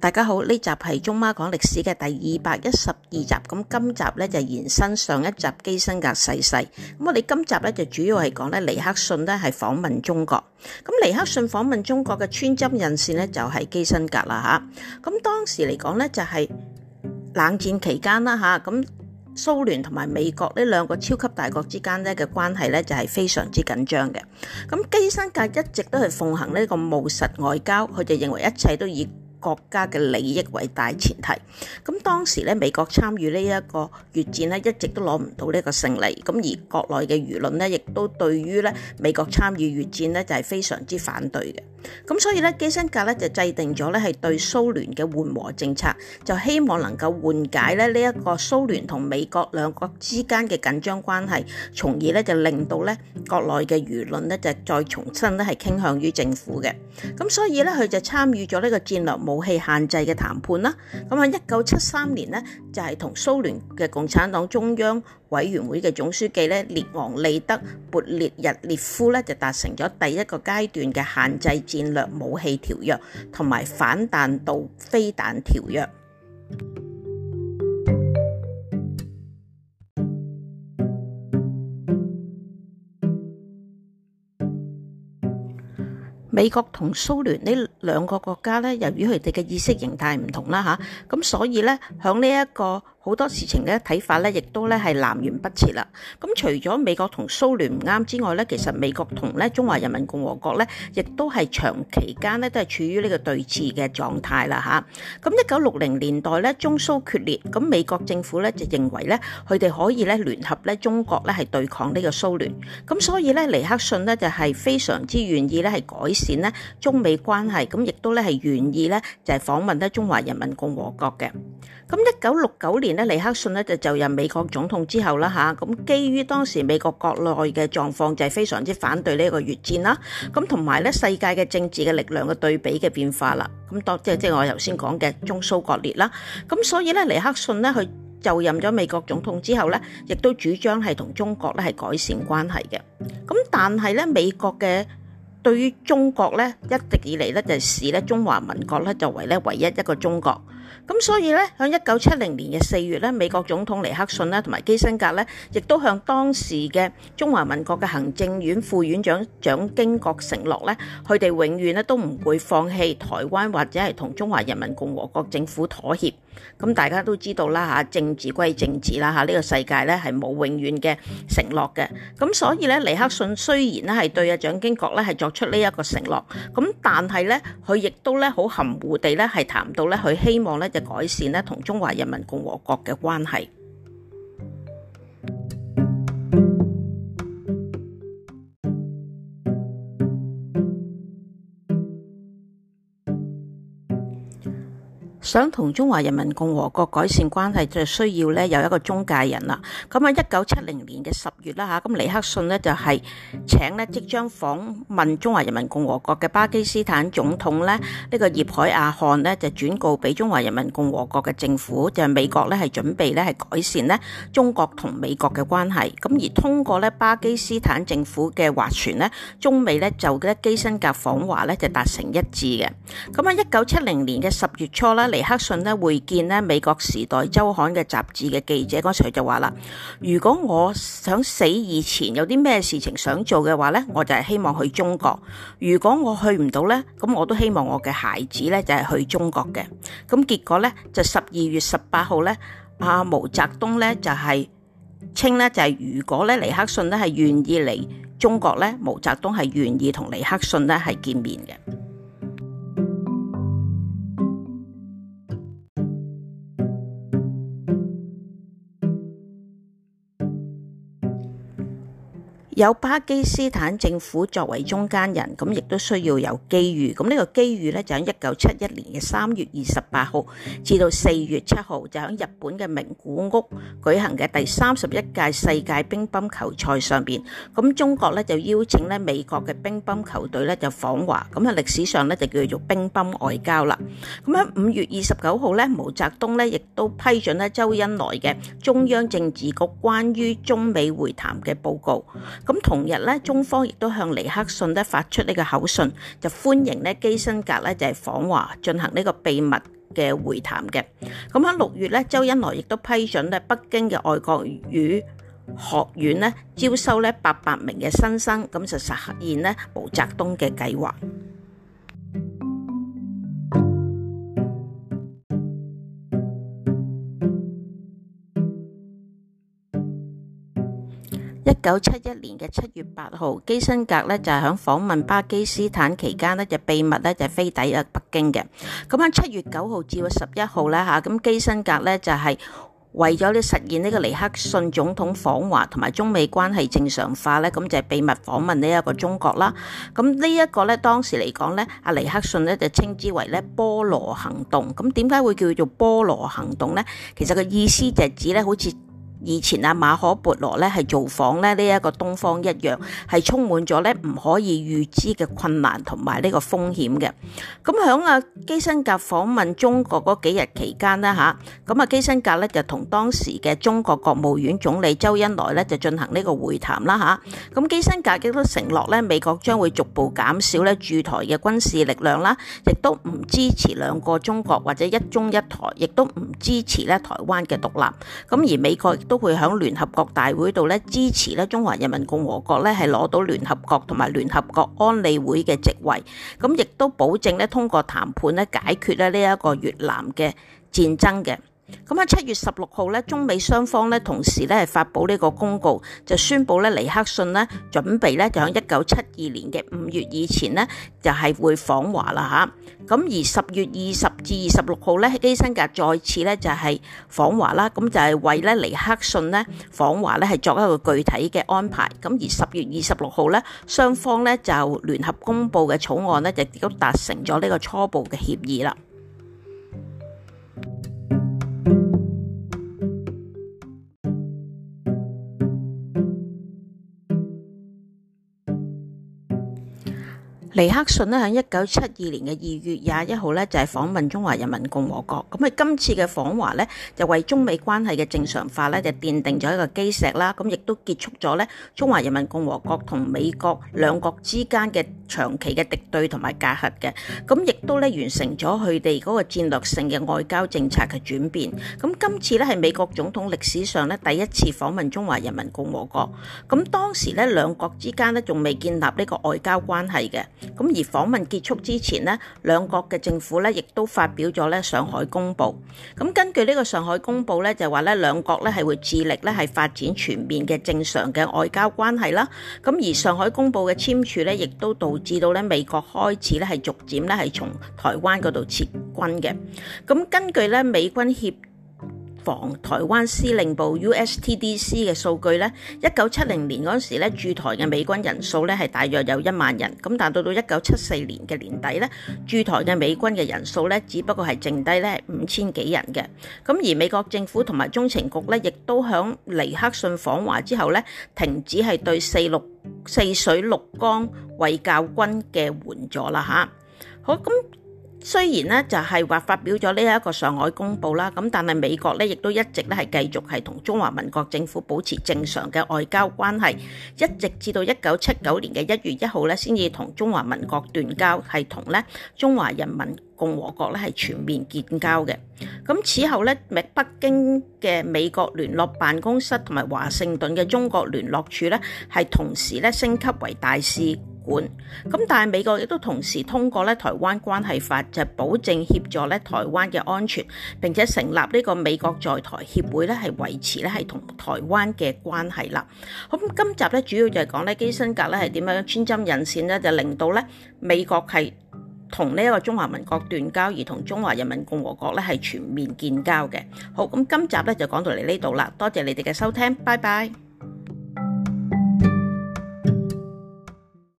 大家好，呢集係中媽講歷史嘅第二百一十二集。咁今集咧就延伸上一集基辛格逝世，世。咁我哋今集咧就主要係講咧尼克遜咧係訪問中國。咁尼克遜訪問中國嘅穿針引線咧就係基辛格啦吓。咁當時嚟講咧就係冷戰期間啦吓。咁蘇聯同埋美國呢兩個超級大國之間咧嘅關係咧就係非常之緊張嘅。咁基辛格一直都係奉行呢個務實外交，佢就認為一切都以。國家嘅利益為大前提，咁當時咧美國參與呢一個越戰咧一直都攞唔到呢個勝利，咁而國內嘅輿論咧亦都對於咧美國參與越戰咧就係非常之反對嘅。咁所以咧，基辛格咧就制定咗咧係對蘇聯嘅緩和政策，就希望能夠緩解咧呢一個蘇聯同美國兩國之間嘅緊張關係，從而咧就令到咧國內嘅輿論咧就再重新咧係傾向於政府嘅。咁所以咧，佢就參與咗呢個戰略武器限制嘅談判啦。咁啊，一九七三年咧就係同蘇聯嘅共產黨中央。委員會嘅總書記呢，列昂尼德勃列日涅夫呢就達成咗第一個階段嘅限制戰略武器條約同埋反彈道飛彈條約。美國同蘇聯呢兩個國家呢，由於佢哋嘅意識形態唔同啦嚇，咁所以呢響呢一個。好多事情咧睇法咧，亦都咧係南轅北轍啦。咁除咗美國同蘇聯唔啱之外咧，其實美國同咧中華人民共和國咧，亦都係長期間咧都係處於呢個對峙嘅狀態啦吓。咁一九六零年代咧，中蘇決裂，咁美國政府咧就認為咧，佢哋可以咧聯合咧中國咧係對抗呢個蘇聯，咁所以咧，尼克遜咧就係非常之願意咧係改善咧中美關係，咁亦都咧係願意咧就係訪問咧中華人民共和國嘅。咁一九六九年尼克遜咧就就任美國總統之後啦吓，咁基於當時美國國內嘅狀況就係非常之反對呢個越戰啦，咁同埋咧世界嘅政治嘅力量嘅對比嘅變化啦，咁多即係即係我頭先講嘅中蘇割裂啦，咁所以咧尼克遜咧佢就任咗美國總統之後咧，亦都主張係同中國咧係改善關係嘅，咁但係咧美國嘅對於中國咧一直以嚟咧就係視咧中華民國咧就為咧唯一一個中國。咁所以咧，喺一九七零年嘅四月咧，美國總統尼克遜啦同埋基辛格咧，亦都向當時嘅中華民國嘅行政院副院長蔣經國承諾咧，佢哋永遠咧都唔會放棄台灣或者係同中華人民共和國政府妥協。咁大家都知道啦，吓，政治歸政治啦，吓、這、呢個世界咧係冇永遠嘅承諾嘅。咁所以咧，尼克遜雖然咧係對啊蔣經國咧係作出呢一個承諾，咁但係咧佢亦都咧好含糊地咧係談到咧佢希望咧就改善咧同中華人民共和國嘅關係。想同中華人民共和國改善關係，就需要咧有一個中介人啦。咁啊，一九七零年嘅十月啦吓，咁尼克遜咧就係請咧即將訪問中華人民共和國嘅巴基斯坦總統咧呢個葉海亞汗咧就轉告俾中華人民共和國嘅政府，就係美國咧係準備咧係改善咧中國同美國嘅關係，咁而通過咧巴基斯坦政府嘅斡旋咧，中美咧就嘅基辛格訪華咧就達成一致嘅。咁啊，一九七零年嘅十月初啦，尼克遜咧會見咧美國時代週刊嘅雜誌嘅記者嗰時就話啦：如果我想死以前有啲咩事情想做嘅話咧，我就係希望去中國。如果我去唔到咧，咁我都希望我嘅孩子咧就係去中國嘅。咁結果咧就十二月十八號咧，阿毛澤東咧就係稱咧就係如果咧尼克遜咧係願意嚟中國咧，毛澤東係願意同尼克遜咧係見面嘅。有巴基斯坦政府作為中間人，咁亦都需要有機遇。咁、這、呢個機遇咧，就喺一九七一年嘅三月二十八號至到四月七號，就喺日本嘅名古屋舉行嘅第三十一屆世界乒乓球賽上邊。咁中國咧就邀請咧美國嘅乒乓球隊咧就訪華。咁啊，歷史上咧就叫做乒乓外交啦。咁喺五月二十九號咧，毛澤東咧亦都批准咧周恩來嘅中央政治局關於中美會談嘅報告。咁同日咧，中方亦都向尼克遜咧發出呢個口信，就歡迎咧基辛格咧就係訪華，進行呢個秘密嘅會談嘅。咁喺六月咧，周恩來亦都批准咧北京嘅外國語學院咧招收咧八百名嘅新生，咁就實現咧毛澤東嘅計劃。一九七一年嘅七月八號，基辛格咧就係響訪問巴基斯坦期間呢，就秘密咧就是、飛抵啊北京嘅。咁喺七月九號至到十一號咧嚇，咁基辛格咧就係、是、為咗咧實現呢個尼克遜總統訪華同埋中美關係正常化咧，咁就係秘密訪問呢一個中國啦。咁呢一個咧當時嚟講咧，阿尼克遜咧就稱之為咧波羅行動。咁點解會叫做波羅行動咧？其實個意思就係指咧好似。以前啊，馬可波羅咧係造訪咧，呢一個東方一樣係充滿咗咧唔可以預知嘅困難同埋呢個風險嘅。咁響啊基辛格訪問中國嗰幾日期間呢嚇，咁啊基辛格咧就同當時嘅中國國務院總理周恩來咧就進行呢個會談啦嚇。咁基辛格亦都承諾咧，美國將會逐步減少咧駐台嘅軍事力量啦，亦都唔支持兩個中國或者一中一台，亦都唔支持咧台灣嘅獨立。咁而美國。都會喺聯合國大會度咧支持咧中華人民共和國咧係攞到聯合國同埋聯合國安理會嘅席位，咁亦都保證咧通過談判咧解決咧呢一個越南嘅戰爭嘅。咁喺七月十六號咧，中美雙方咧同時咧發佈呢個公告，就宣布咧尼克遜咧準備咧就喺一九七二年嘅五月以前咧就係會訪華啦嚇。咁而十月二十至二十六號咧，基辛格再次咧就係訪華啦。咁就係、是、為咧尼克遜咧訪華咧係作一個具體嘅安排。咁而十月二十六號咧，雙方咧就聯合公布嘅草案咧就結束達成咗呢個初步嘅協議啦。尼克遜咧喺一九七二年嘅二月廿一號，咧就係訪問中華人民共和國。咁啊，今次嘅訪華咧就為中美關係嘅正常化咧就奠定咗一個基石啦。咁亦都結束咗咧中華人民共和國同美國兩國之間嘅長期嘅敵對同埋隔閡嘅。咁亦都咧完成咗佢哋嗰個戰略性嘅外交政策嘅轉變。咁今次咧係美國總統歷史上咧第一次訪問中華人民共和國。咁當時咧兩國之間咧仲未建立呢個外交關係嘅。咁而訪問結束之前呢，兩國嘅政府咧亦都發表咗咧上海公報。咁根據呢個上海公報咧，就話咧兩國咧係會致力咧係發展全面嘅正常嘅外交關係啦。咁而上海公報嘅簽署咧，亦都導致到咧美國開始咧係逐漸咧係從台灣嗰度撤軍嘅。咁根據咧美軍協防台灣司令部 USTDC 嘅數據咧，一九七零年嗰時咧駐台嘅美軍人數咧係大約有一萬人，咁但到到一九七四年嘅年底咧，駐台嘅美軍嘅人數咧只不過係剩低咧五千幾人嘅，咁而美國政府同埋中情局咧亦都響尼克遜訪華之後咧，停止係對四六四水六崗衛教軍嘅援助啦嚇，好咁。雖然呢，就係話發表咗呢一個上海公報啦，咁但係美國呢，亦都一直呢，係繼續係同中華民國政府保持正常嘅外交關係，一直至到一九七九年嘅一月一號呢，先至同中華民國斷交，係同呢中華人民共和國呢，係全面建交嘅。咁此後呢，北京嘅美國聯絡辦公室同埋華盛頓嘅中國聯絡處呢，係同時呢，升級為大使。管咁，但係美國亦都同時通過咧台灣關係法，就是保證協助咧台灣嘅安全，並且成立呢個美國在台協會咧，係維持咧係同台灣嘅關係啦。咁今集咧主要就係講咧基辛格咧係點樣穿針引線咧，就令到咧美國係同呢一個中華民國斷交，而同中華人民共和國咧係全面建交嘅。好，咁今集咧就講到嚟呢度啦，多謝你哋嘅收聽，拜拜。